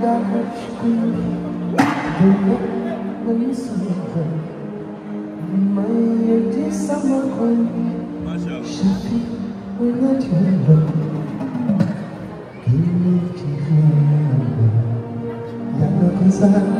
Sevda kaçtı Dönmeyi sanırım Mayedi sama koy Şafi oynatıyorum Gülü ki Yana kızar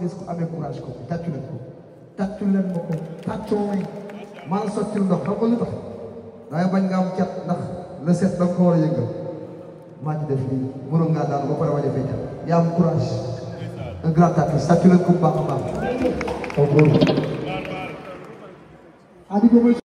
gis ku amee courage kooku tàccu leen ko tàccu leen ma ko tàccoo may maa la sottil ndox xam nga lu tax dangay bañ nga cat ndax le set da nga ko war a yëngal maa ci def lii mënoon ngaa daanu ba pare wañe fay cat yaa am courage un grand tàccu tàccu leen ko bu baax a